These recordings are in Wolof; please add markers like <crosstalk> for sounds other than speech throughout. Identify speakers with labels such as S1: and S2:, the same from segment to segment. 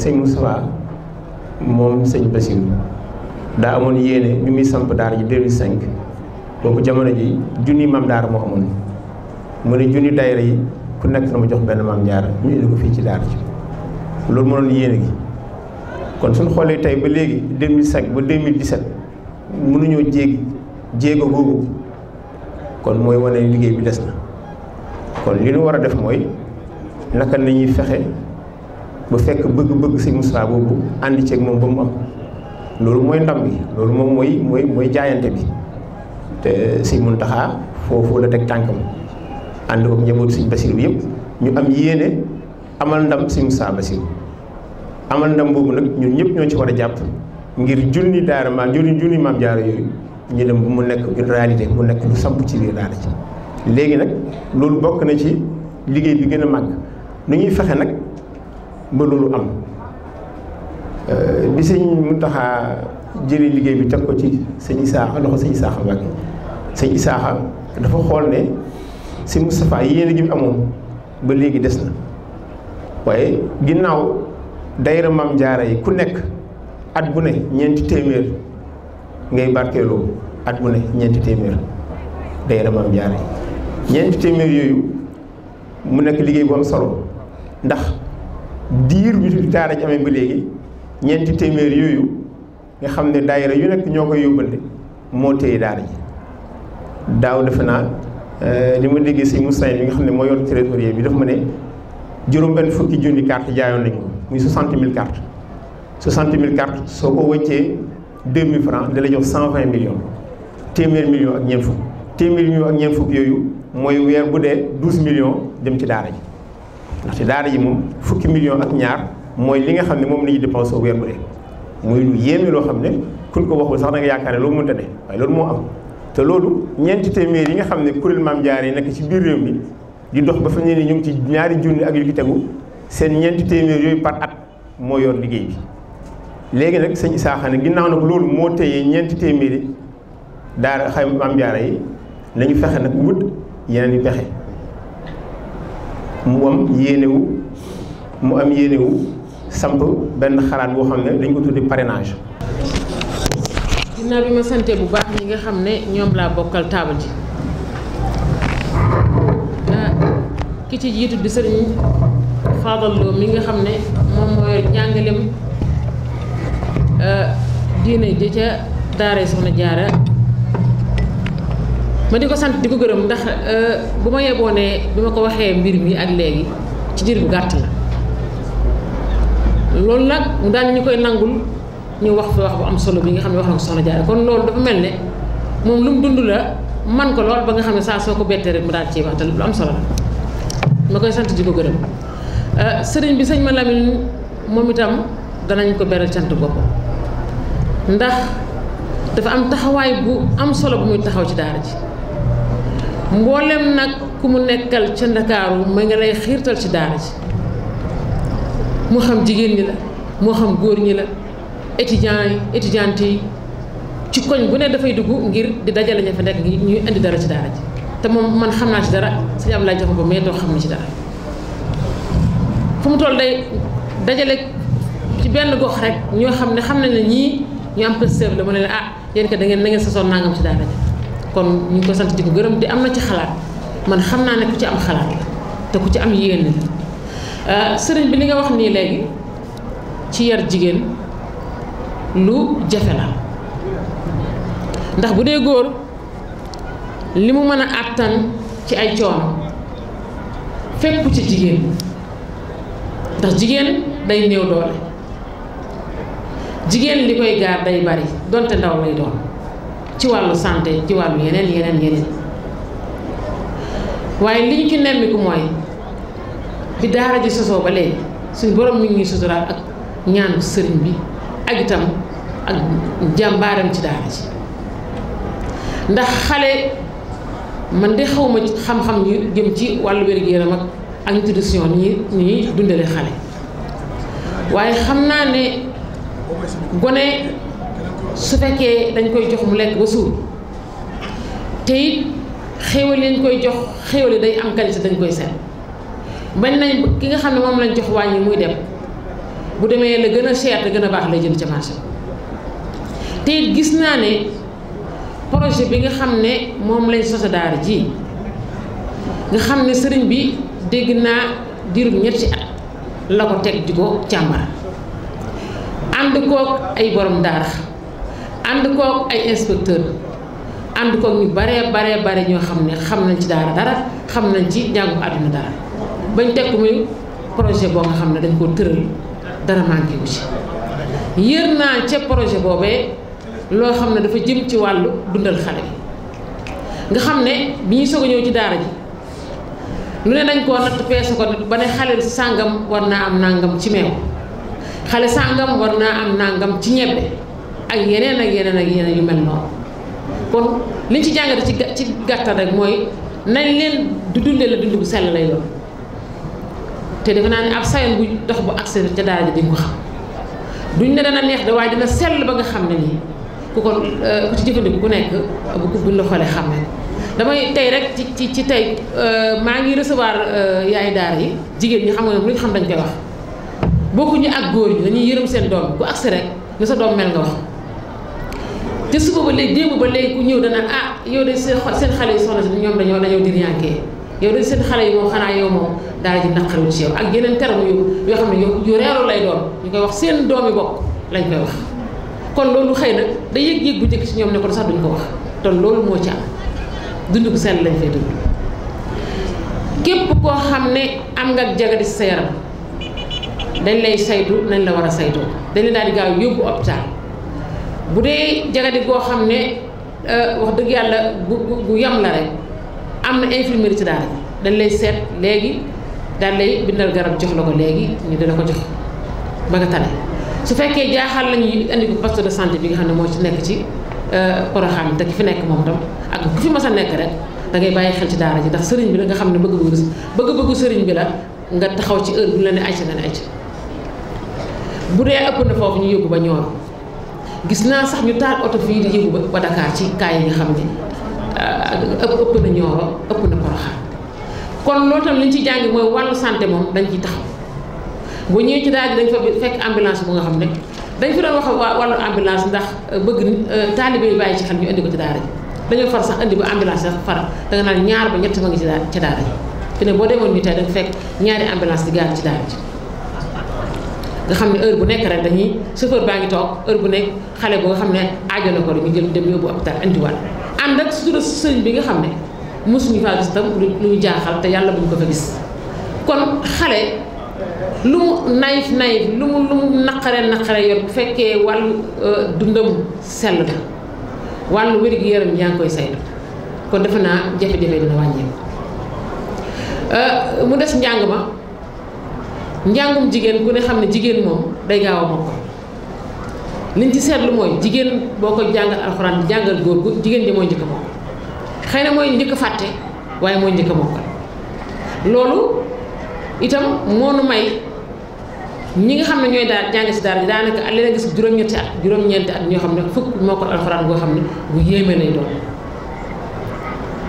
S1: sëñ Moustapha moom sëñ Bassirou daa amoon yéene bi
S2: muy samp daara ji 2005 boobu jamono ji junni maam daara moo amoon mu ne junni daayira yi ku nekk na ma jox benn maam jaara ñu indi ko fii ci daar ji loolu moo doon yéene gi kon suñ xoolee tey ba léegi 2005 ba 2017 mënuñoo jéeg jéego googu kon mooy wane liggéey bi des na kon li ñu war a def mooy naka nañuy fexe ba fekk bëgg-bëgg sëñ Moussa boobu ànd ceeg moom ba mu am loolu mooy ndam bi loolu moom mooy mooy mooy jaayante bi te si mun taxaa foofu la teg tànkam ànd ko njabootu sëñ Bassirou bi yëpp ñu am yéene amal ndam sëñ Moussa Bassirou amal ndam boobu nag ñun ñëpp ñoo ci war a jàpp ngir junni daara maam junni junni maam jaara yooyu ñu bu mu nekk une réalité mu nekk lu samp ci biir daara ci léegi nag loolu bokk na ci liggéey bi gën a mag nu ñuy fexe nag ba loolu am euh, bi sëñ taxaa jëlee liggéey bi teg ko ci sëñ Isaaxa loxo sëñ Isaaxa Mbàkke sëñ Isaaxa dafa xool ne si Moustapha yéene gi mu amoon ba léegi des na waaye ginnaaw dayra maam jaara yi ku nekk at bu ne ñeenti téeméer ngay barkeeloo at bu ne ñeenti téeméer dayra maam jaara yi ñeenti téeméer yooyu mu nekk liggéey bu am solo ndax diir bi fi daara ji amee ba léegi ñeenti téeméer yooyu nga xam ne daayira yu nekk ñoo koy yóbbante moo téye daara ji daaw defe naa euh, li ma déggee si Moussa bi nga xam ne moo yor trésorier bi daf ma ne juróom-benn fukki junni carte jaayoon nañ ko muy 60000 cartes 60000 cartes soo ko wëccee mille francs da lay cent 120 million téeméer million ak ñeent fukk téeméer millions ak ñeent fukk yooyu mooy weer bu dee 12 millions dem ci daara ji. ndaxte daara yi moom fukki million ak ñaar mooy li nga xam ne moom la ñuy dépensé weer bu ne muy yéeme loo xam ne kuñ ko waxul sax da nga yaakaar ne loolu mënta ne waaye loolu moo am te loolu ñeenti téeméer yi nga xam ne kuréel maam jaare yi nekk ci biir réew mi di dox ba fa ne ni ñu ngi ci ñaari junni ak yu ci tegu seen ñeenti téeméer yooyu par at moo yoon liggéey bi léegi nag sëñ saaxane ne ginnaaw nag loolu moo téye ñeenti téeméeri daara xay maam jaare yi nañu fexe nag wut yeneen yu pexe mu am yéenewu mu am yéenewu samp benn xalaat boo xam ne dañ ko tuddi parrainage.
S1: ginnaaw bi ma sante bu baax ñi nga xam ne ñoom laa bokkal taabal ji ah, ki ci jiitu di sëriñ Fadal Lo mi nga xam ne moom mooy jàngaleem ah, diine ji ca daaree soxna jaara ma di ko sant di ko gërëm ndax euh, bu ma yeboonee ne bi ma ko waxee mbir mi ak léegi ci diir bu gàtt la loolu nag mu daal ñu koy nangul ñu wax fi wax bu am solo bi nga xam ne wax na ko kon loolu dafa mel ne moom lu mu dund la man ko lool ba nga xam saa soo ko bettee mu daal ciy wax te lu solo la ma koy sant di ko gërëm euh, sëriñ bi sëñ ma Lamine moom itam danañ ko beral cant boppam ndax dafa am taxawaay bu am solo bu muy taxaw ci daara ji mboolem nag ku mu nekkal ca ndakaaru ma nga lay xiirtal ci daara ji moo xam jigéen ñi la moo xam góor ñi la étijan yi yi ci koñ bu ne dafay dugg ngir di dajale ña fa nekk ngi ñuy indi dara ci daara ji te moom man xam naa ci dara sëñ Abdoulaye jox ko mais doo xam ne ci dara fu mu toll day dajale ci benn gox rek ñoo xam ne xam nañ na ñii ñu am pëstëb la mu ne ah yéen kat da ngeen na ngeen sasoon nangam ci daara ji kon ñu ngi ko sant di gërëm di am na ci xalaat man xam naa ne ku ci am xalaat la te ku ci am yéene la euh, sëriñ bi li nga wax nii léegi ci yar jigéen lu jafe la ndax bu dee góor li mu mën a àttan ci ay coono fekku ci jigéen ndax jigéen day néew doole jigéen li koy gaar day bari donte ndaw lay doon ci wàllu sante ci wàllu yeneen yeneen yeneen waaye li ñu ci nemmiku mooy bi daara ji sosoo ba léegi suñ borom mi ngi ñuy suturaal ak ñaanu sëriñ bi ak itam ak jàmbaaram ci daara ji ndax xale man de xawma xam-xam yu jëm ci wàllu wér-gu-yaram ak ak nutrition ni ñuy dundale xale waaye xam naa ne gone su fekkee dañ koy jox mu lekk ba suur te it xéewal lañ koy jox yi day am qualité dañ koy seet bañ nañ ki nga xam ne moom lañ jox wàññi muy dem bu demee la gën a cher gën a baax lay jënd ca te gis naa ne projet bi nga xam ne moom lañ sosa ji nga xam ne sëriñ bi dégg naa diirub ñetti at la ko teg di ko càmbar ànd kook ay borom daara ànd kook ay inspecteur ànd kook ñu baree baree bare ñoo xam ne xam nañ ci daara dara xam nañ ci njàngum àdduna dara bañ teg muy projet boo nga xam ne dañ koo tëral dara manqué wu ci yër naa ca projet boobee loo xam ne dafa jëm ci wàllu dundal xale bi nga xam ne bi ñuy soog a ñëw ci daara ji lu ne dañ koo natt peese ko ba ne xale sàngam war naa am nàngam ci meew xale sàngam war naa am nàngam ci ñebbe ak yeneen ak yeneen ak yeneen yu mel noonu kon liñ ci jàngate ci ci gàttal rek mooy nañ leen du dundee la dund bu sell la doon te defe naa ne ab sayoon bu dox bu accès ca daara ji dañ duñ ne dana neex de waaye dina sell ba nga xam ne nii ko euh, ci jëfandiku ku nekk bu ko buñ la xoolee xam tey rek ci ci ci tey euh, maa ngi recevoir euh, yaay daara yi jigéen ñi xam nga ne lu xam dañ koy wax bokkuñu ak góor ñi dañuy yërëm seen doom ku accès rek ne sa doom mel nga wax te suba ba léegi démb ba léegi ku ñëw dana ah yow de seen seen xale yu soxna si ñoom dañoo dañoo diriyànkee yow de seen xale yi moom xanaa yow moom daal a naqarul ci yow ak yeneen terme yu yoo xam ne yu reeru lay doon ñu wax seen doomi bopp lañ koy wax kon loolu xëy na da yëg-yëg bu njëkk ci ñoom ne kon sax duñ ko wax te loolu moo ci am dund ko sell lañ fay dund képp koo xam ne am nga jagadi sa yaram dañ lay saytu nañ la war a saytoo dañ la daal di gaaw yóbbu hôpital bu dee jagadi goo xam ne euh, wax dëgg yàlla gu gu yam la rek am na infirmerie ci daara dañ lay seet léegi daal lay bindal garab jox la ko léegi ñu dina ko jox ba nga tane su fekkee jaaxal lañuy indi ko poste de santé bi nga xam ne moo ci nekk ci euh, programme te ki fi nekk moom tam ak ku fi mas a nekk rek da ngay bàyyi xel ci daara ji ndax sëriñ bi la nga xam ne bëgg-bëggu bëgg-bëggu sëriñ bi la nga taxaw ci heure bu la ne ayca nga ne ayca bu dee ëpp na foofu ñu yóbbu ba ñoom. gis naa sax ñu taal oto fii di yëngu ba Dakar ci kaay yi nga xam ne euh, ëpp na Nioro ëpp na Porokhane kon loolu tam li ñu ci jàngi mooy wàllu santé moom dañ ciy taxaw bu ñëwee ci daal dañ fa fekk ambulance bu nga xam ne dañ fi doon wax wàllu ambulance ndax euh, bëgg euh, taalibe yi bàyyi ci xel ñu indi ko ci daara ji dañoo far sax indi ba ambulance sax far danga naan ñaar ba ñett ma ngi ci daara ci daara boo demoon ñu tey fekk ñaari ambulance di gaar nga xam ne heure bu nekk rek dañuy chauffeur baa ngi toog heure bu nekk xale boo nga xam ne aajo na ko dañuy jël dem yóbbu hôpital indiwaat ànd ak sutura sëriñ bi nga xam ne mosuñu faa gis lu jaaxal te yàlla buñ ko gis kon xale lu mu nayif nayif lu mu lu bu fekkee wàllu euh, dundam sell na wàllu wér yaa ngi koy saytu kon defe naa jafe-jafe dina wàññeeku euh, mu des njàng ma njàngum jigéen ku ne xam ne jigéen moom day gaaw a mokk liñ ci seetlu mooy jigéen boo ko jàngal alxuraan jàngal góor gu jigéen ji mooy njëkk a mokk xëy na mooy njëkk a fàtte waaye mooy njëkk a mokkal loolu itam moo nu may ñi nga xam ne ñooy daal jàng si daal ji daanaka li nga gis juróom-ñetti at juróom-ñeenti at ñoo xam ne fukk mokkal alxuraan goo xam ne bu yéeme lay doon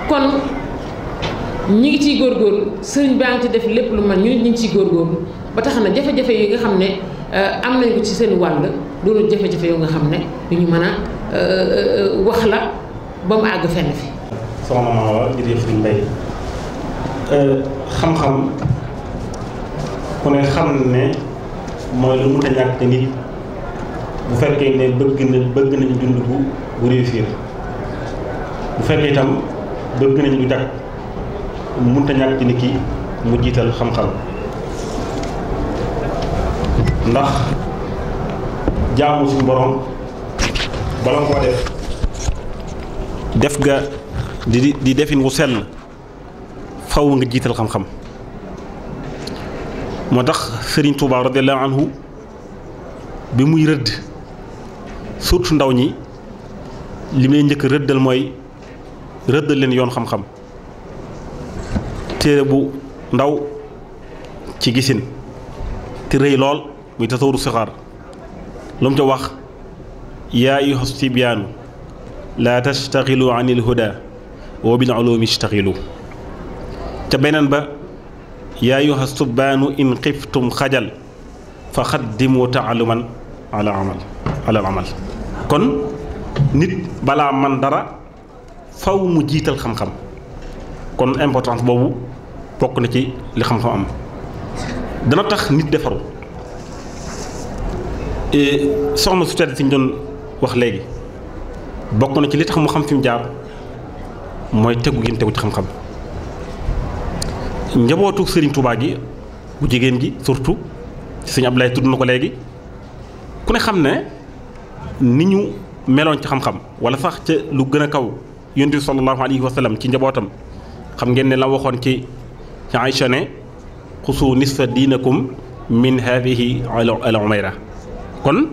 S1: kon ñi ngi ciy góor sëriñ baa ngi ci def lépp lu man ñu nit ñi ngi ciy góorgóorlu ba tax na jafe-jafe yi nga xam ne euh, am nañ ko ci seen wàll loolu jafe-jafe yoo nga xam ne lu ñu mën a euh, wax la ba mu àgg fenn fi.
S3: sama maman wa jërëjëf Serigne Mbaye euh, xam-xam ku ne xam lu mënta ñàkk nit bu fekkee ne bëgg na bëgg nañu dund bu bu réussir bu fekkee itam bëgg nañu du dakk mënta ñàkk ci nit ki mu jiital xam-xam. ndax jaamu suñu borom bala nga def def ga di di defin wu sell faw nga jiital xam-xam moo tax Serigne Touba radiyallahu anhu bi muy rëdd surtout ndaw ñi li muy njëkk rëddal mooy rëddal leen yoon xam-xam téere bu ndaw ci gisin te rëy lool muy tasawuru sixaar lu mu ca wax yaa sibyaanu laa tastaxilu an il huda wa bil ulumi istaxilu ca beneen ba yaa ayuha in xiftum xajal fa xaddimu taaluman ala amal kon nit balaa man dara faw mu jiital xam-xam kon importance boobu bokk na ci li xam-xam am dana tax nit defaru soxna su tedd siñ doon wax léegi bokk na ci li tax mu xam fi mu jaar mooy tegu gi tegu ci xam-xam njabootu sëriñ Touba gi bu jigéen gi surtout Serigne Abdoulaye tudd na ko léegi ku ne xam ne ni ñu meloon ci xam-xam wala sax ca lu gën a kaw yonent bi sallallahu alayhi wa sallam ci njabootam xam ngeen ne la waxoon ci ci Aïcha ne xusu nisfa diinakum min hadihi al umayra kon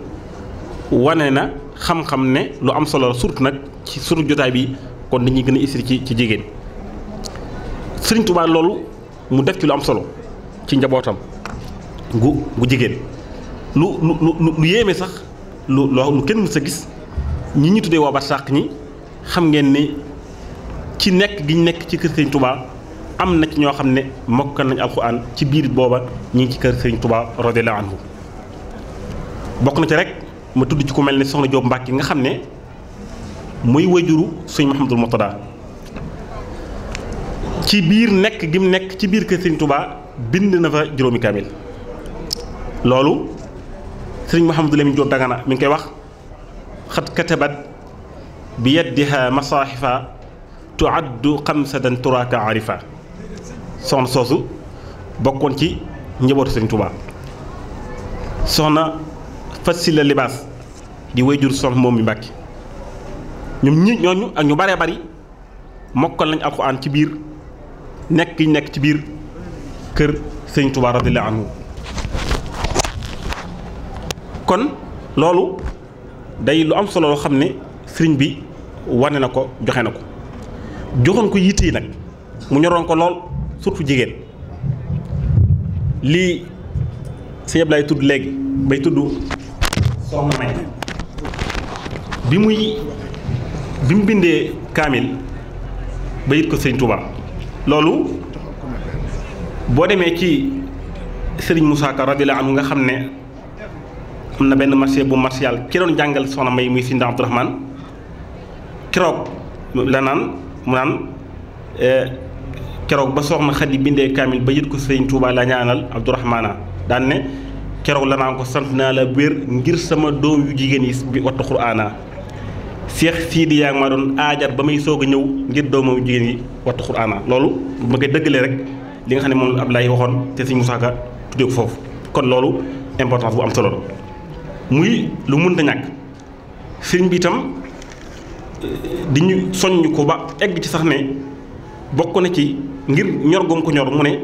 S3: wane na xam-xam ne lu am solo la nag ci surtout jotaay bi kon dañuy gën a isri ci jigéen Sëriñ Tuubaa loolu mu def ci lu am solo ci njabootam gu gu jigéen lu lu lu yéeme sax lu lu kenn mës a gis ñi ñu tuddee waa barsàq ñi xam ngeen ni ci nekk gi nekk ci kër Sëriñ Tuubaa am na ci ñoo xam ne mokkal nañu alxuraan ci biir booba ñi ngi ci kër Sëriñ Tuubaa radiyallaahu anhu bokk na ci rek ma tudd ci ko mel ni soxna Diop Mbacke nga xam ne muy wajuru sëñ Mouhamadul Mourtada ci biir nekk gi mu nekk ci biir kër sëñ Touba bind na fa juróomi kaamil loolu sëñ Mouhamadou Lamine Diop Dagana mi ngi koy wax xat katabat bi yaddiha masaaxifa tuaddu xamsadan turaaka arifa soxna soosu bokkoon ci njabootu sëñ Touba soxna fas si la libaas di wayjur soxna moom mi Mbàkke ñoom ñi ñooñu ak ñu baree bari mokkal nañ alxuraan ci biir nekk yi nekk ci biir kër sëñ Tuubaa radiyallaahu anhu kon loolu day lu am solo loo xam ne sëriñ bi wane na ko joxe na ko joxoon ko yitte yi nag mu ñoroon ko lool surtout jigéen lii sëñ Ablaay tudd léegi bay tudd soxna bi muy bi mu bindee kaamil ba yit ko sëriñ Touba loolu boo demee ci sëriñ Moussa Ka radiyallahu anhu nga xam ne am na benn marché bu martial ki doon jàngal soxna may muy Sinda Abdourahmane keroog la naan mu naan eh, keroog ba soxna Xadi bindee kaamil ba yit ko sëriñ Touba la ñaanal Abdourahmana daan ne keroog la naan ko sant naa la wér ngir sama doom yu jigéen yi bi wattu xuraana Cheikh Sidi yaa ngi ma doon aajar ba may soog a ñëw ngir doomam jigéen yi wattu xuraana loolu ma koy dëggalee rek li nga xam ne moom la Ablaye waxoon te Sëñ Moussa Ka ko foofu kon loolu importance bu am solo la muy lu mënta ñàkk sëriñ bi itam eh, di ñu soññ ko ba egg ci sax ne bokk na ci ngir ñor goom ko ñor mu ne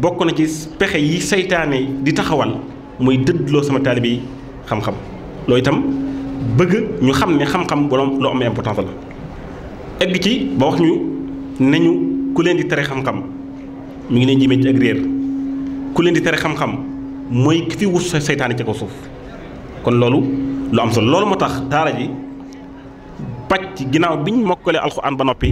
S3: bokk na ci pexe yi seytaane di taxawal muy dëddloo sama taalibe yi xam-xam loolu itam bëgg ñu xam ne xam-xam borom loo am importance la egg ci ba wax ñu nañu ku leen di tere xam-xam mu ngi leen jëmee ci ak réer ku leen di tere xam-xam mooy ki fi wut seytaane ci ko suuf kon loolu loo am solo loolu moo tax daara ji ci ginnaaw biñ mokkale alxuraan ba noppi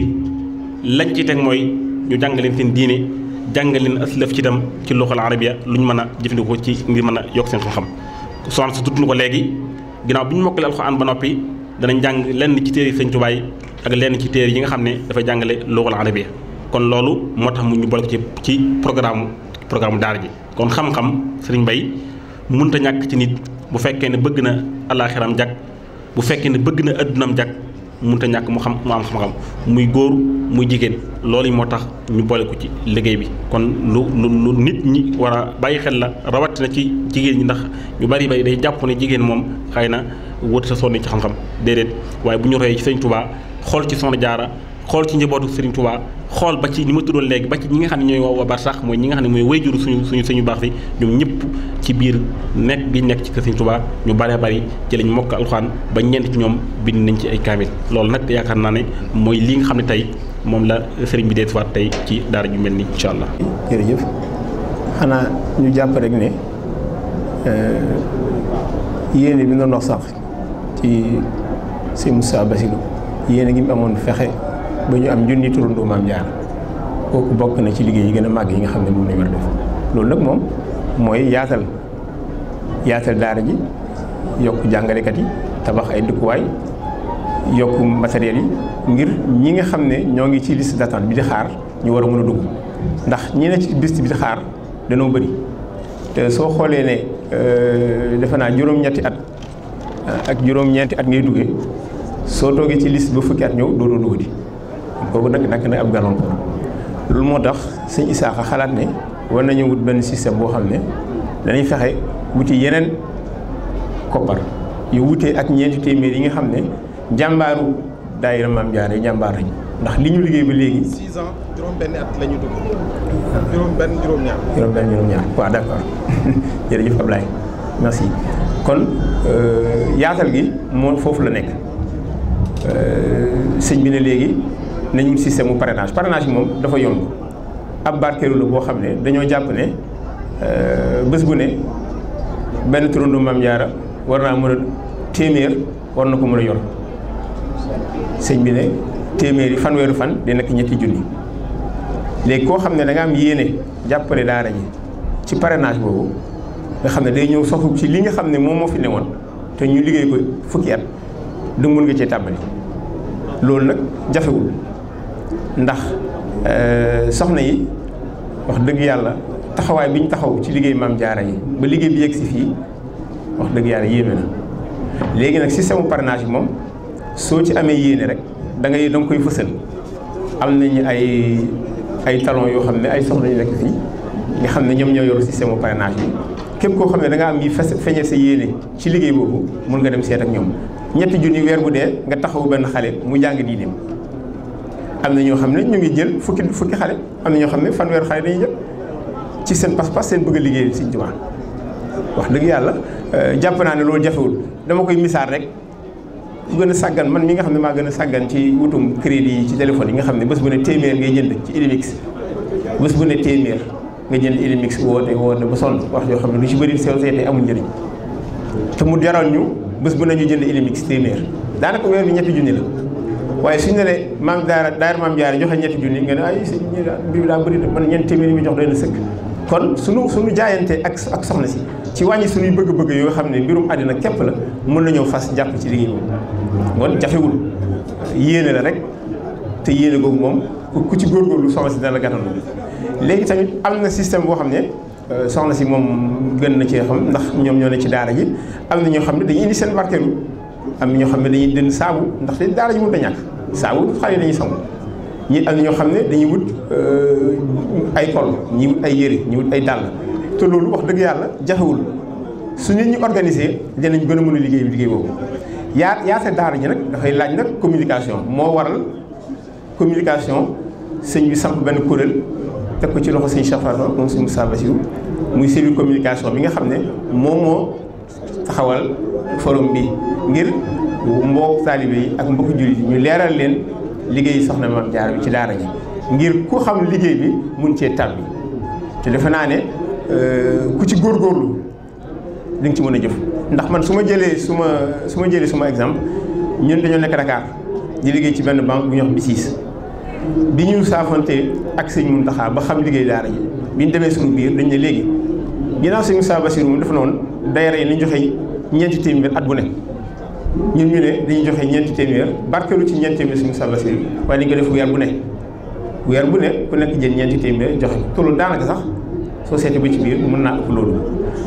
S3: lañ ci teg mooy ñu jàngaleen seen diine jàngal leen aslëf ci dem ci loxol arabiya lu ñu mën a jëfandikoo ci ngir mën a yokk seen xam-xam soxna si tudd na ko léegi ginnaaw bi ñu mokkale alxuraan ba noppi danañ jàng lenn ci téere Sëñ Tuubaa yi ak lenn ci téere yi nga xam ne dafa jàngale loxol arabiya kon loolu moo tax mu ñu boole ko ci ci programme programme daara ji kon xam-xam sëriñ bay mënta ñàkk ci nit bu fekkee ne bëgg na alaaxiram jag bu fekkee ne bëgg na addunaam jag mënut ta ñàkk mu xam mu am xam-xam muy góor mu jigéen loolu moo tax ñu boole ko ci liggéey bi kon lu lu lu nit ñi war a bàyyi xel la rawatina ci jigéen ñi ndax ñu bari bari day jàpp ne jigéen moom xëy na wut sa sonni ci xam-xam déedéet waaye bu ñu reyee ci Sëñ Tuubaa xool ci Soxna Jaara xool ci njabootu Serigne Touba xool ba ci ni ma tuddoon léegi ba ci ñi nga xam ne ñooy waa bar sax mooy ñi nga xam ne mooy wayjuru suñu suñu suñu baax si ñoom ñëpp ci biir nekk bi nekk ci kër Serigne tubaa ñu baree bari ci lañ mokk alxuraan ba ñeent ci ñoom bind nañ ci ay kaamil loolu nag yaakaar naa ne mooy li nga xam ne tey moom la Serigne bi dee waat tey ci daara ju mel ni incha allah.
S2: jërëjëf xanaa ñu jàpp rek ne euh, yéene bi nga doon wax sax ci si Moussa Bassirou yéene gi fexe. ba ñu am junni turandoo maam jaar kooku bokk na ci liggéey yi gën a màgg yi nga xam ne moom lañ war a def loolu nag moom mooy yaatal yaatal daara ji yokk jàngalekat yi tabax ay dëkkuwaay yokk matériel yi ngir ñi nga xam ne ñoo ngi ci liste d'attente bi di xaar ñu war a mën dugg ndax ñi ne ci bi di xaar danoo bëri te soo xoolee ne euh, defe naa juróom-ñetti at ak juróom-ñeenti at ngay duggee soo toogee ci liste ba fukki at ñëw doo doo dugg di kooku nag nekk na ab gàllankoor loolu moo tax sëñ Isaaxa xalaat ne war nañu wut benn système boo xam ne danañ fexe wuti yeneen koppar yu wutee ak ñeenti téeméer yi nga xam ne jàmbaaru daayira maam jaare jàmbaar lañu ndax li ñu liggéey léegi. 6 ans benn at la ñu dugg. juróom-benn juróom-ñaar. juróom-benn juróom-ñaar waaw <laughs> kon euh, yaatal gi moo foofu la nekk euh, sëñ bi ne léegi. nañu système mu parrainage parrainage bi moom dafa yomb ab barkeelu la boo xam ne dañoo jàpp ne euh, bés bu ne benn turandu Jaara war naa mën a téeméer war na ko mën a yoon sëñ bi ne téeméeri fanweeru fan di nekk ñetti junni léegi koo xam ne danga am yéene jàppale daara ji ci parenage boobu nga xam ne day ñëw soxu ci li nga xam ne moom moo fi ne woon te ñu liggéey ko fukki at du mën nga cee tàmbali loolu nag jafewul ndax euh, soxna yi wax dëgg yàlla taxawaay bi ñu taxaw ci liggéey maam jaara yi ba liggéey bi yegg si fii wax dëgg yàlla yéeme na léegi nag système parenage bi moom soo ci amee yéene rek da ngay da nga koy fësal am nañu ay ay talon yoo xam ne ay soxna yu nekk fii nga xam ne ñoom ñoo yor système parenage yi képp koo xam ne da nga am yi fes feñe sa yéene ci liggéey boobu mun nga dem seet ak ñoom ñetti junni weer bu dee nga taxawu benn xale mu jàng diineem am na ñoo xam ne ñu ngi jël fukki fukki xale am na ñoo xam ne fanweer xale dañuy jël ci seen pas-pas seen bëgg a liggéeyal Sëñ Tuubaa wax dëgg yàlla euh, jàpp naa ne loolu jafewul dama koy misaal rek bu gën a sàggan man mi nga xam ne maa gën a sàggan ci wutum crédit yi ci téléphone yi nga xam ne bés bu ne téeméer ngay jënd ci Illimix bés bu ne téeméer nga jënd Illimix woote woote ba sonn wax yoo xam ne lu ci bëri sew seete amul njëriñ te mu jaral ñu bés bu ne ñu jënd Illimix téeméer daanaka weer bi ñetti junni la waaye suñu ne maam daara daara maam jaara joxe ñetti junni nga ne ay si ñu bi daa bëri man ñeent téeméeri mi jox doy na sëkk kon suñu suñu jaayante ak ak soxna si ci wàññi suñuy bëgg-bëgg yoo xam ne mbirum àddina képp la mën nañoo fas jàpp ci liggéey bi kon jafewul yéene la rek te yéene googu moom ku ci góorgóorlu soxna si dana gàttal léegi tamit am na système boo xam ne euh, soxna si moom gën na cee ndax ñoom ñoo ne ci daara ji am na ñoo xam ne dañuy indi seen barkeelu am ñoo xam ne dañuy jënd saabu ndax dañ daara ji mënut a ñàkk saabu xale dañuy sangu ñoo xam ne dañuy wut euh, ay toll ñi wut ay yére ñi wut ay dàll te loolu wax dëgg yàlla jafewul su nit ñi organisé dinañ gën a mën a liggéey liggéey boobu yaa yaate daara ji nag dafay laaj nag communication moo waral communication sëñ bi samp benn kuréel teg ko ci loxo sëñ Cheikh Fatou moom sëñ Moussa Bassirou muy service communication bi nga xam ne moom moo taxawal forum bi ngir mbokk taalibe yi ak mbokk jullit ñu leeral leen liggéey soxna Maam Jaara bi ci daara ji ngir ku xam liggéey bi mun cee bi te defe naa ne euh, ku ci góor góorlu nga ci mën a jëf ndax man su ma jëlee su ma su ma jëlee suma exemple ñun dañoo nekk Dakar di liggéey ci benn banque bu ñu wax BICIS bi ñu saafante ak sëñ Muntaxa ba xam liggéey daara ji bi ñu demee suñu biir dañ ne léegi ginnaaw sëñ Moussa Bassirou moom dafa noonu daayira yi li ñu joxe ñeenti téeméer at bu ne ñun ñu ne joxe ñeenti téeméer barkeelu ci ñeenti téeméer suñu sàlla si waaye dañ ko def weer bu ne weer bu ne ku nekk jël ñeenti téeméer joxe ko te loolu daanaka sax société bi ci biir mën naa ëpp loolu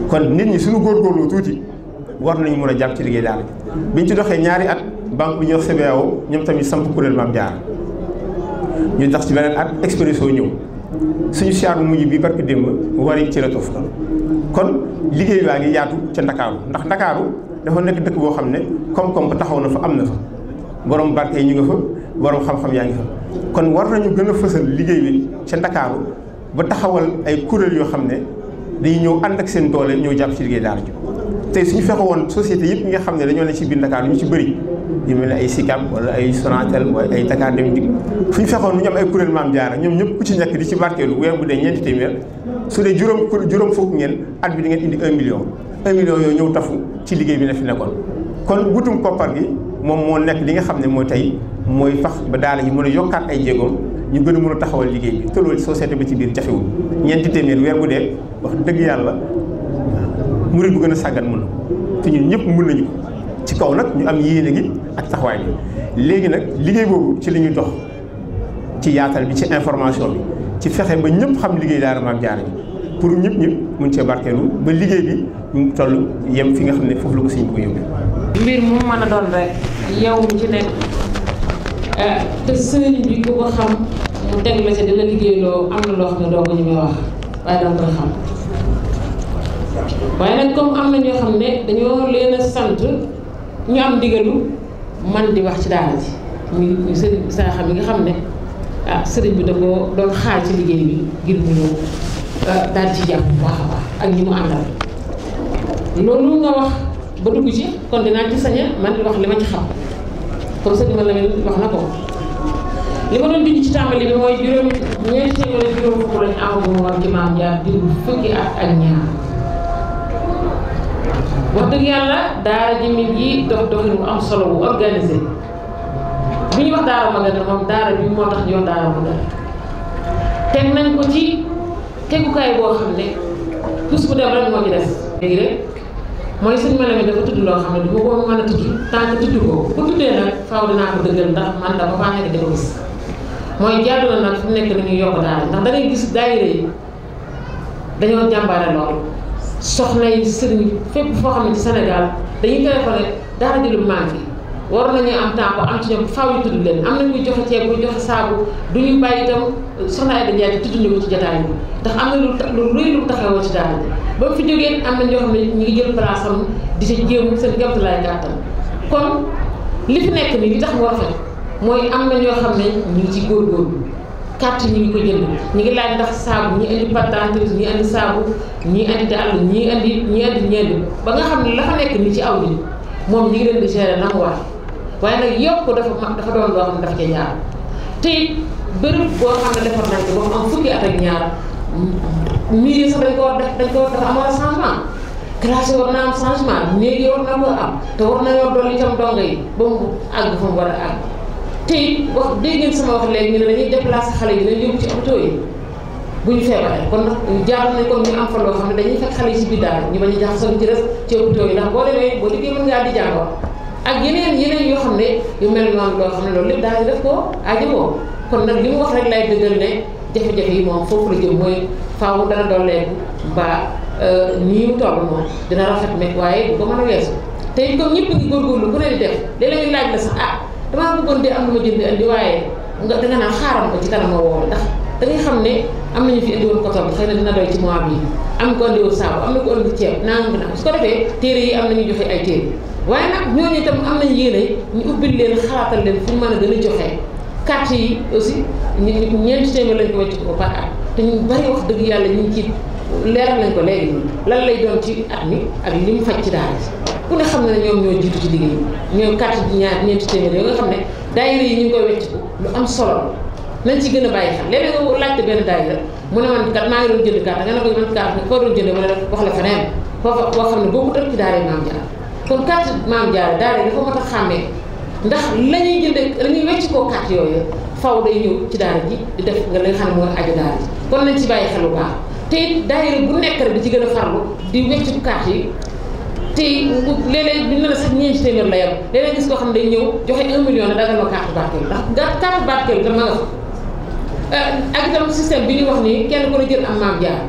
S2: kon nit ñi suñu góorgóorlu tuuti war nañu mën a jàpp ci liggéey daal biñ ci doxee ñaari at banque bi ñuy wax CBAO ñoom tamit samp kuréel maam jaar ñu tax ci beneen at expérience ñëw suñu siyaar mu mujj bi barki démb wari ci la tof kon liggéey baa ngi yaatu ca ndakaaru ndax ndakaaru dafa nekk dëkk boo xam ne koom-koom ba taxaw na fa am na fa borom barke yi ñu nga fa borom xam-xam yaa ngi fa kon war nañu gën a fësal liggéey bi ca ndakaaru ba taxawal ay kuréel yoo xam ne day ñëw ànd ak seen doole ñëw jàpp ci liggéey daara ji tey suñu fexe woon société yëpp nga xam ne dañoo ne ci biir Dakar ñu ci bëri yu mel ne ay SICAP wala ay Sonatel wala ay Dakar Dem Dikk fu ñu fexoon ñu am ay kuréel maam jaara ñoom ñëpp ku ci nekk di ci barkeelu weer bu dee ñeenti téeméer su dee juróom juróom fukk ngeen at bi di ngeen indi un million un million yooyu ñëw tafu ci liggéey bi ne fi nekkoon kon gutum koppar gi moom moo nekk li nga xam ne mooy tey mooy fax ba daara yi mën a yokkaat ay jéegoom ñu gën mën a taxawal liggéey bi te loolu société bi ci biir jafewul ñeenti téeméer weer bu dee wax yàlla murit bu gën a sàggan mën na te ñun ñëpp mën nañu ko ci kaw nag ñu am yéene gi ak taxawaay bi léegi nag liggéey boobu ci li ñuy dox ci yaatal bi ci information bi ci fexe ba ñëpp xam liggéey daara Maam Jaara bi pour ñëpp ñëpp mun cee barkeelu ba liggéey bi ñu toll yem fi nga xam ne foofu la ko sëñ
S1: mu mën a doon rek yow mi ci nekk eh, te sëriñ bi ku ko xam mu teg la ci liggéey loo am na loo xam ne doo ko ñu may wax waaye danga koy xam waaye nag comme am na ñoo xam ne dañoo leen sant ñu am ndigalu man di wax ci daara ji muy sëriñ bi saa xam nga xam ne ah sëriñ bi da ko doon xaar ci liggéey bi ngir mu ñëw ah, daal ci jàpp bu baax ak ñi mu àndal loolu nga wax ba dugg ci kon dinaa ci sañ man di wax li ma ci xam comme sëriñ ma la wax na ko li ma doon dindi ci tàmbali mooy juróom ñeenti téeméer juróom fukk lañ aw bu war ci maam jaar diiru fukki ak ñaar wax dëgg yàlla daara ji mi ngi dox doxin am solo bu organisé bu ñu wax daara Magana moom daara bi moo tax yoon daara Magana teg nañ ko ci tegukaay boo xam ne pousse bu dem rek mooy sëñ Malamine dafa tudd loo xam ne du ma ko mën a tudd tant que ko bu tuddee nag faaw dinaa ko dëggal ndax man dama faa nekk dama gis mooy jaadu na nag fu mu nekk dañuy yokk daara ndax da gis daayira yi dañoo jàmbaare loolu soxna yi sëriñ fépp foo xam ne ci Sénégal dañuy téléphoné dara di lu manqué war nañu am temps bu am ci ñoom faaw ñu tudd leen am na muy joxe ceeb mu joxe saabu du ñu bàyyi itam soxna Aïda Ndiaye tudd nañu ko ci jotaay bi ndax am na lu rëy lu taxawoo ci daara ba mu fi jógee am na ñoo xam ne ñu ngi jël place di sa jéem seen gemtalaay gàttam kon li fi nekk nii li tax mu rafet mooy am na ñoo xam ne ñu ngi ci góor góorgóorlu carte ñi ngi ko jënd ñu ngi laaj ndax saabu ñi indi patenteuse ñi indi saabu ñi indi dàll ñi indi ñi ba nga xam ne la fa nekk ni ci aw ni moom ñi ngi leen di gérer na war waaye nag yokk dafa ma dafa doon loo xam ne ca ñaar te it bërëb boo xam ne defar nañ ko ba mu am fukki at ak ñaar milieu sax dañ ko war def dañ ko war dafa amoon changement classe war naa am changement néeg war na ko am te war nañoo dolli itam donga yi ba mu àgg fa war a àgg te wax dégg ngeen sama wax léegi ñu ne dañuy déplacé xale yi dañuy yóbbu ci hôpitaux yi bu ñu feebaree kon nag jaar nañ kon ñu am fa loo xam ne dañuy fekk xale yi ci biir daal ci res ci yi ndax boo demee boo liggéey mën di jàngoo ak yeneen yeneen yoo xam ne yu mel noonu loo xam ne loolu lépp def ko aajowoo kon nag li mu wax rek lay dëggal ne jafe-jafe yi moom foofu la jëm mooy faaw dana dooleeku ba euh, nii mu toll moom dina rafet mais waaye bu ko a weesu te it comme ñëpp ngi góorgóorlu ku ne di def léeg laaj la sax ah damaa bëggoon de am lu ma jënd indi waaye nga danga naan xaaral ko ci kanam ma woo ndax da ngay xam ne am nañu fi indiwoon coton bi xëy na dina doy ci mois bi am ko indiwoon saabu am na ko indi ceeb naa nga ko su ko téere yi am nañu joxe ay waaye nag ñooñu itam am nañu yéene ñu ubbil leen xalaatal leen fu ñu mën a gën a joxe carte yi aussi ñu ñeent téeméer lañ ko wàcc ko par at te ñu bari wax dëgg yàlla ñu ngi ci leeral nañ ko léegi lan lay doon ci at mi ak li mu faj ci daal ku ne xam ne ñoom ñoo jiitu ci liggéey bi ñoom quatre ñaar ñeenti téeméer yoo nga xam ne daayira yi ñu ngi koy wecciku lu am solo la nañ ci gën a bàyyi xel léeg-léeg nga laajte benn ko man carte nga koo doon jënd mu ne wax la a xàmmee ndax la ñuy jëndee la ñuy wecc koo carte yooyu faw day ñëw ci daara ji di def nga la nga xam ne mooy aju daara ji kon nañ ci bàyyi xel bu baax te it daayira bu nekk rek ci gën a farlu di weccu carte yi te léeg bi ñu la sax ñeenti téeméer la yor xam ne day ñëw joxe 1 million ne dagal ma carte barkeel ndax gaa nga fa euh, bi ñuy wax nii kenn ku ne jël am maam jaar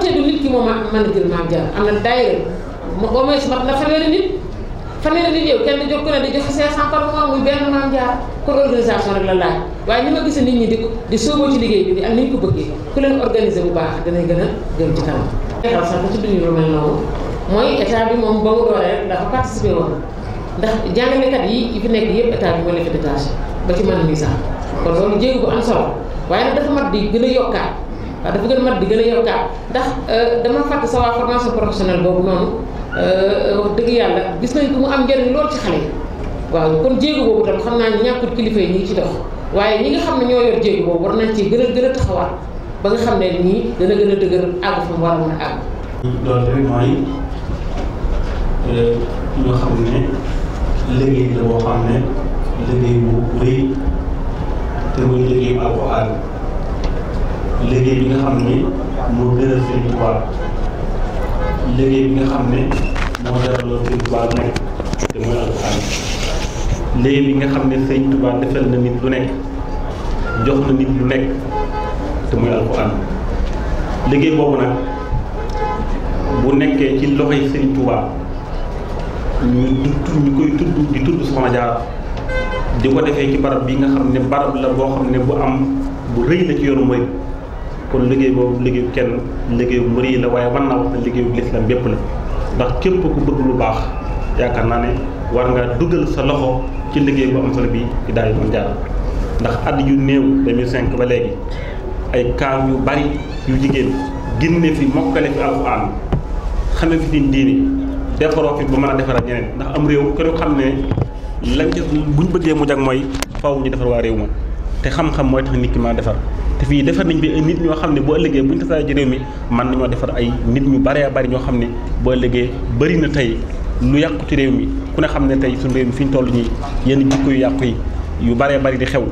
S1: du nit ki moom a mën a jël maam jaar am na daayira au moins mat na fanweeri nit fanweeri nit kenn jox ko ne di joxe 500 par mois muy benn maam jaar kon organisation rek la laaj waaye ni ma gisee nit ñi di di sooboo ci liggéey bi di ak ni ñu ko bëggee ku leen organiser bu baax danañ gën a jëm ci kanam. xeexal sax ba tudd ñu lu mel noonu. mooy état bi moom ba mu doole rek dafa participé woon ndax jàngalekat yi fi nekk yëpp état bi moo leen fi détaché ba ci man mii sax kon loolu jéego bu am solo waaye nag dafa mat di gën a yokkaat waaw dafa gën a mat di gën a yokkaat ndax euh, dama fàtte sa waa formation professionnelle boobu noonu euh, dëgg yàlla gis nañ ko mu am njëriñ lool ci xale yi waaw kon jéego boobu tam xam naa ne ñàkkul kilifa yi ñu ci dox waaye ñi nga xam ne ñoo yor jéego boobu war naa ci gën a gën a ba nga xam ne ñii dana gën a dëgër àgg fa mu
S3: war Euh, ñoo xam ne liggéey la boo xam ne liggéey bu rëy te muy liggéey nga xam ne moo gënal Sëriñ Tuubaa liggéey bi nga xam ne moo a Sëriñ Tuubaa lu nekk te muy alxuraan liggéey bi nga xam ne Sëriñ Tuubaa defal na nit lu nekk jox na nit lu nekk te muy alxuraan liggéey boobu nag bu nekkee ci loxoy Sëriñ Tuubaa ñu ñu koy tudd di tudd Soxna Jaara di ko defee ci barab bi nga xam ne barab la boo xam ne bu am bu rëy la ci yoonu mooy kon liggéey boobu liggéeyu kenn liggéeyu mu rëy la waaye mën naa wax ne liggéeyu lislaam bépp la ndax képp ku bëgg lu baax yaakaar naa ne war nga dugal sa loxo ci liggéey bu am solo bi di daal man jaar ndax at yu néew 2005 ba léegi ay kaam yu bari yu jigéen génne fi mokkale fi alxuraan xame fi diine defaroo fit ba mën a defaraat ñeneen ndax am réew kenn xam ne lañ ca bu ñu bëggee mu jag mooy faaw ñu defar waa réew ma te xam-xam mooy tax nit ki mën a defar te fii defar nañ bi nit ñoo xam ne boo ëllëgee bu ñu tasaaree ci réew mi mën defar ay nit ñu baree bari ñoo xam ne boo ëllëgee bëri na tey lu yàqu ci réew mi ku ne xam ne tey suñu réew mi fi ñu toll nii yenn jikko yu yàqu yi yu baree bari di xew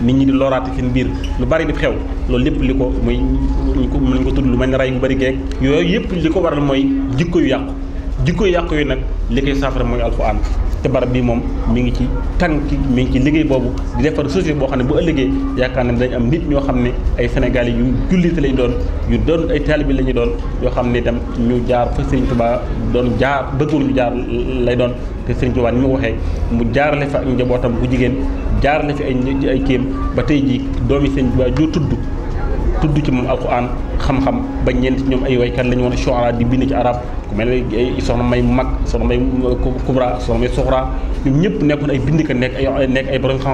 S3: nit ñi di looraate seen biir lu bari di xew loolu lépp li ko muy ñu ko mën ko tudd lu mel ne rey bu bari geeg yooyu yëpp li ko waral mooy jikko yu yàqu jikko yàq yi nag li koy saafara mooy alxuraan te barab bi moom mi ngi ci tànk mi ngi ci léggéey boobu di defar société boo xam ne bu ëllëgee yaakaar ne dañ am nit ñoo xam ne ay Sénégalais yu jullite lañ doon yu doon ay taalibe la ñu doon yoo xam ne itam ñu jaar fa Serigne Touba doon jaar bëggul ñu jaar lay doon te Serigne Touba ni mu waxee mu jaarale fa ak njabootam bu jigéen jaarale fi ay ay kéem ba tey jii doomi Serigne Touba joo tudd tudd ci moom alxuraan xam-xam ba ñeent ci ñoom ay waykat la ñu woon shuara di bind ci arab ku mel ne soxna may mag soxna may kubra soxna may suxra ñoom ñëpp nekkoon ay bindkat nekk ay nekk ay borom xam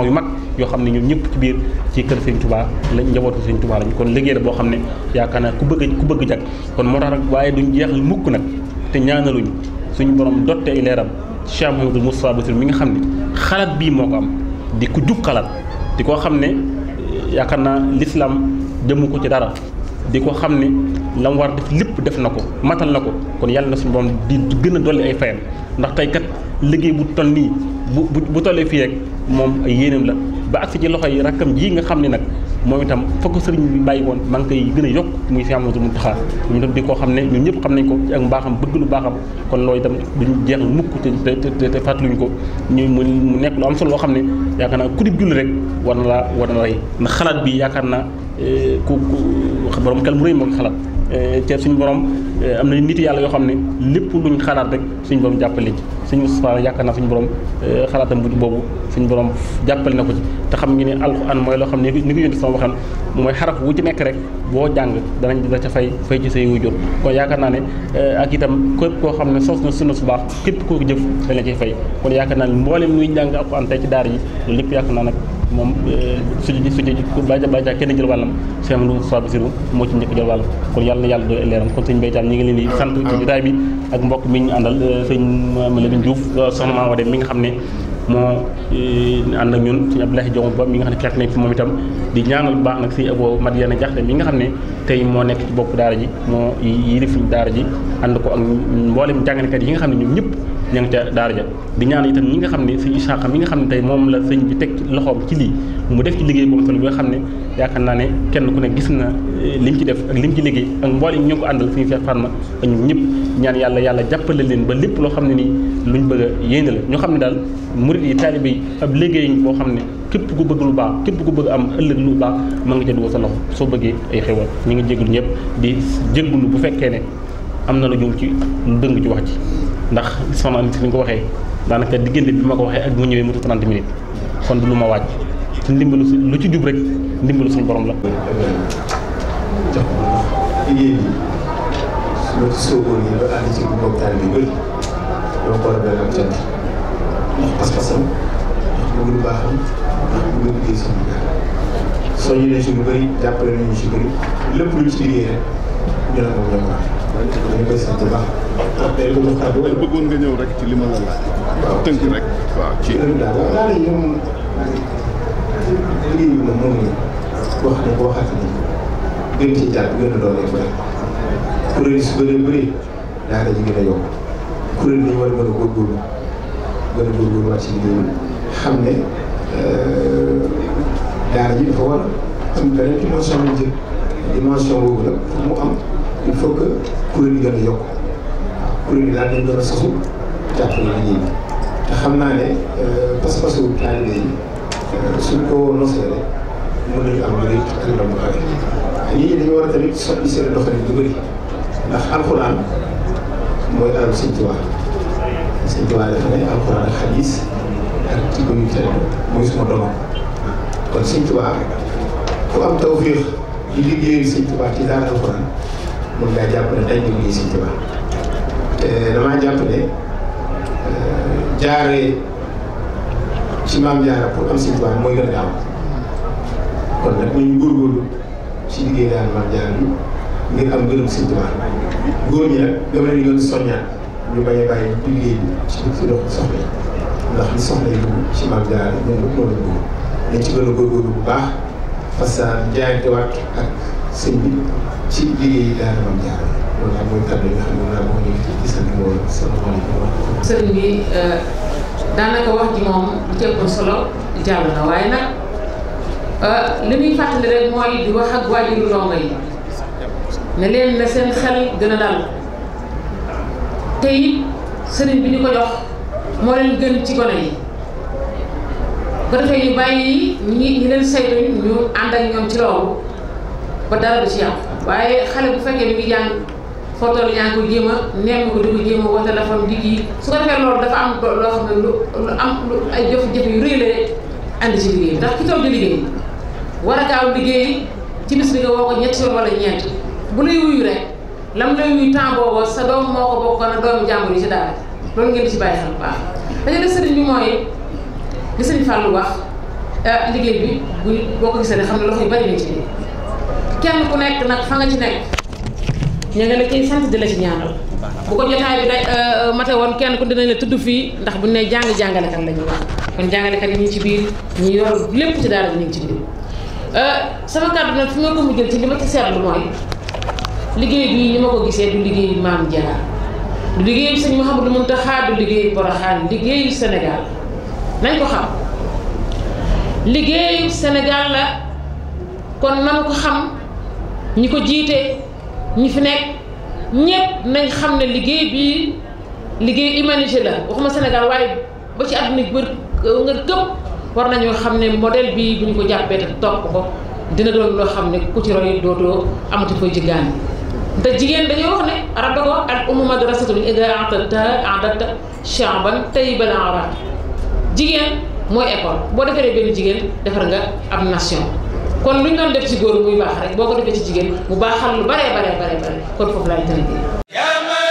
S3: yu xam ne ñoom ñëpp ci biir ci kër Sëñ Tuubaa lañ njabootu Sëñ Tuubaa kon liggéey boo xam ne yaakaar naa ku bëgg ku bëgg jag kon moo tax nag waaye duñ jeexal mukk nag te ñaanaluñ suñu borom dotte ay leeram Cheikh Mouhamadou Moustapha Bassirou mi nga xam ne xalaat bii moo ko am di ku jub xalaat di koo xam ne yaakaar naa l'islam jëmu ko ci dara di ko xam ni la mu war def lépp def na ko matal na ko kon yàlla na suñu borom di gën a dolli ay fayam ndax tey kat liggéey bu toll nii bu bu bu tollee fi rek moom ay yéenam la ba agsi ci loxo yi rakkam ji nga xam ne nag moom itam fokk sëriñ bi bàyyi woon maa ngi koy gën a yokk muy Cheikh Amadou Mountakha moom itam di ko xam ne ñun ñëpp xam nañ ko ci ak mbaaxam bëgg lu baaxam kon loolu itam duñu jeex mukk te te te fàttaluñ ko ñu mu nekk lu am solo loo xam ne yaakaar naa ku julli rek na laa war na lay ndax xalaat ku ku borom xel mu rëy moo ko xalaat eh, te suñu borom eh, am na nit yàlla yoo xam ne lépp luñ xalaat rek suñu borom jàppale ci suñu Moustapha yaakaar naa suñu borom eh, xalaatam bu boobu suñu borom jàppale na ko ci te xam ngi ne alxuraan mooy loo xam ne ni ko yónni sama waxam mooy xaraf wu ci nekk rek boo jàng danañ da ca fay fay ci say wujur kon yaakaar naa ne ak itam képp koo xam ne sos suñu sunna su baax képp koo jëf dañ la ciy fay kon yaakaar naa ne mboolem nuy jàng alxuraan tey ci daar yi loolu lépp yaakaar naa nag moom euh, suñu suñu bàyyi bàyyi kenn jël wàllam Cheikh soo Moustapha Bassirou moo ci njëkk jël wàllam kon yàlla na yàlla doole leeram kon sëñ Mbaye Thiam ngi leen di sant ci jotaay ak mbokk mi ñu àndal euh, sëñ Malamine Diouf euh, soxna Mame Wade mi nga xam ne moo ànd ak ñun suñu Abdoulaye Diom ba mi nga xam ne fekk nañ fi moom itam di ñaanal bu baax nag si abo Madiana Diakhate mi nga xam ne tey moo nekk ci bopp daara ji moo yilif daara ji ànd ko ak mboolem jàngalekat yi nga xam ne ñoom ñëpp ña ngi ca di ñaan itam ñi nga xam ne sëñ Isaaka mi nga xam ne tey moom la sëñ bi teg loxoom ci lii mu def ci liggéey boobu tam bi nga xam ne yaakaar naa ne kenn ku ne gis na eh, lim ci def ak mu ci liggéey ak mboole ñu ko àndal suñu Cheikh Fatma ak ñun ñëpp ñaan yàlla yàlla jàppale leen ba lépp loo xam ne nii luñ bëgg a la ñoo xam ne daal murid yi taalibe yi ab liggéey boo xam ne képp ku bëgg lu baax képp ku bëgg am ëllëg lu baax ma ngi ca dugal sa loxo soo bëggee ay xewal ñu ngi jégalu ñëpp di jégalu bu fekkee ne am na lu juum ci lu dëng ci wax ci ndax soxna Aliou si ni ko waxee daanaka diggante bi ma ko waxee ak mu ñëwee mu 30 minutes kon du lu ma wàcc te ndimbalu lu ci jub rek ndimbalu suñu borom la. ko
S2: war a beral ak cant ndax pas lu baaxam ndax bëgg liggéey suñu ñu si lu bëri jàppale si bëri lépp lu ci rek. ñu ne moom la ma dañ koy sant bu baax. waaw bëggoon nga ñëw rek ci li ma la laaj. waaw tënk rek waaw ci. daal waaw daal ñoom liggéey bi moom moom la wax nañ ko waxaat nañ gën ci jàpp gën a doole ba kuréel yi su gën a bëri daara ji gën a yokk kuréel yi war a mën a góorgóorlu gën a góorgóorluwaat ci liggéey xam ne daara ji dafa war a am beneen dimension lañ jël dimension boobu nag pour mu am. il faut que kuréel yi gën a a sosu jàppale nit ñi te xam naa ne euh, pas-pasu taalibe yi euh, suñ ko nosee rek mën nañu am war a tamit soppi seen doxalin lu bëri alxuraan mooy alal Sëñ Tuubaa Sëñ Tuubaa dafa ne alxuraan ak xadiis ak ci commune Thiel mooy suma doomam kon Sëñ Tuubaa ku am tawféex di liggéeyal Sëñ Tuubaa ci daara alxuraan. mun ngaa jàpp ne tey ñu ngi si Tuubaa te damaa jàpp ne euh, jaaree ci maam jaara pour am si Tuubaa mooy gën a gaaw kon nag ñu góorgóorlu ci liggéey si Tuubaa góor ñi nag dama leen gën soññaat ñu bañ a bàyyi liggéey bi ci ci dox soxla yi ndax li soxla yi ci maam jaara ñoom ñëpp noonu lañ bëgg dañ ci gën a góorgóorlu bu baax parce que sëñ
S1: bi euh, daanaka wax ji moom lu solo jàll na waaye nag euh, li muy fàttali rek mooy di wax ak waajuru ndongo yi ne leen na seen xel gën a dal te sëriñ bi ñu ko jox moo leen gën ci gone yi. bu ko defee ñu bàyyi ñi ñi leen saytu ñu ànd ak ñoom ci loolu. ba dara du ci yàqu waaye xale bu fekkee ni ngi jàng foo toll yaa ko jéem a nemm ko di ko jéem a woo téléphone di kii su ko am lu ay jëf-jëf yu rëy la de andi ci liggéey ndax ki toog di liggéey war a ci bis bi nga woo ko bu lay wuyu rek lam lay sa doom moo ko bokk na doomu jàmbur yi ci daara loolu ngeen di ci bàyyi xel baax dañu def sëriñ bi li sëriñ Fallou wax eh, liggéey bi bu boo ko gisee ne xam ne loxo yu bari lañ ci kenn ku nekk nag fa nga ci nekk ñu ngi la ciy sant di la ci ñaanal bu ko jotaay bi day euh, mate woon kenn ku dinañ la tudd fii ndax bu ne jàng jàngalekat lañu ñuy wax kon jàngalekat yi ñu ci biir ñu yor lépp ci daara ji ci biir euh, sama kàddu nag fi nga ko mujjal ci li ma ci seetlu mooy liggéey bii ni ma ko gisee du liggéeyu maam Diarra du liggéeyu sëñ Mouhamadou Mountakha du liggéeyu Porokhane liggéeyu Sénégal nañ ko xam liggéeyu Sénégal la kon nanu ko xam ñi ko jiite ñi fi nekk ñëpp nañ xam ne liggéey bi liggéey humanité la waxuma Sénégal waaye ba ci àdduna wër nga këpp war nañoo xam ne modèle bii bu ñu ko jàppee te topp ko dina doon loo xam ne ku ci roy dootoo amati koy jiggaan te jigéen dañoo wax ne arab da ko al te madrasatun idha atata adata shaban tayyiban arab jigéen mooy école boo defaree benn jigéen defar nga am nation kon lu ñu doon def ci góor muy baax rek boo ko defee ci jigéen mu baaxal lu baree baree baree bare kon foofu laay tënkee.